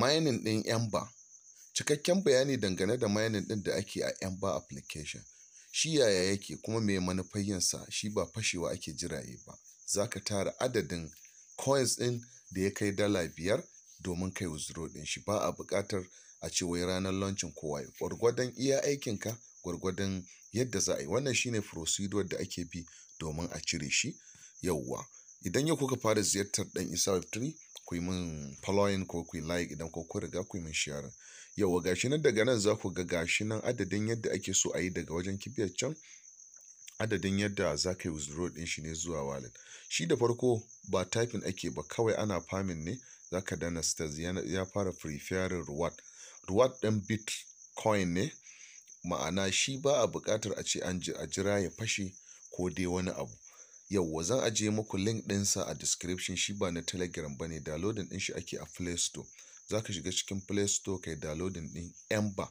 Mining ɗin Ember Cikakken bayani dangane da mining ɗin da ake a Ember application, shi yaya yake kuma me manufar yinsa shi ba fashewa ake jiraye ba, zaka tara adadin coins din da ya kai dala biyar domin kai withdraw ɗin shi ba a buƙatar a ce wai ranar launching kowa ya gwargwadon iya aikinka gwargwadon yadda za a yi wannan shine procedure da ake bi domin a cire shi yauwa idan yau kuka fara ziyartar ɗan isa web 3 ku yi min following ko ku yi like idan ko ku riga ku yi min sharing yawa gashi nan daga nan za ku ga gashi nan adadin yadda ake so a yi daga wajen kibiyar can adadin yadda za ka yi withdraw din shi ne zuwa wallet shi da farko ba typing ake ba kawai ana farming ne za ka dana stars ya fara preferring reward reward ɗin bitcoin ne ma'ana shi ba a buƙatar a ce an jira ya fashe ko dai wani abu Yauwa zan ajiye muku link sa a description shi ba na Telegram ba ne, downloading din shi ake a Play Store. Za ka shiga cikin Play Store kai downloading ɗin Ember.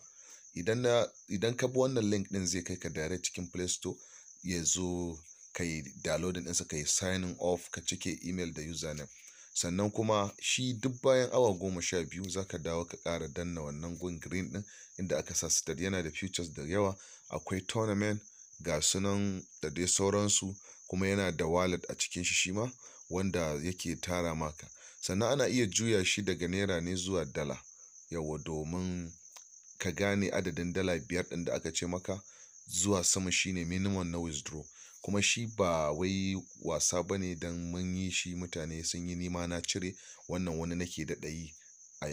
Idan, na, idan ka bi wannan link ɗin zai kai ka direct cikin Play Store ya zo ka yi downloading ɗinsa ka yi signing off ka cike email da username. Sannan kuma shi duk bayan awa goma sha biyu za ka dawo ka ƙara danna wannan gun green ɗin inda aka sa yana da features da yawa akwai tournament ga sunan da dai sauransu kuma yana da wallet a cikin shi shima wanda yake tara maka sannan ana iya juya shi daga naira ne zuwa dala yawa domin ka gane adadin dala biyar ɗin da aka ce maka zuwa sama shine minimum na withdraw kuma shi ba wai wasa bane don mun yi shi mutane sun yi nima na cire wannan wani nake da ɗayi.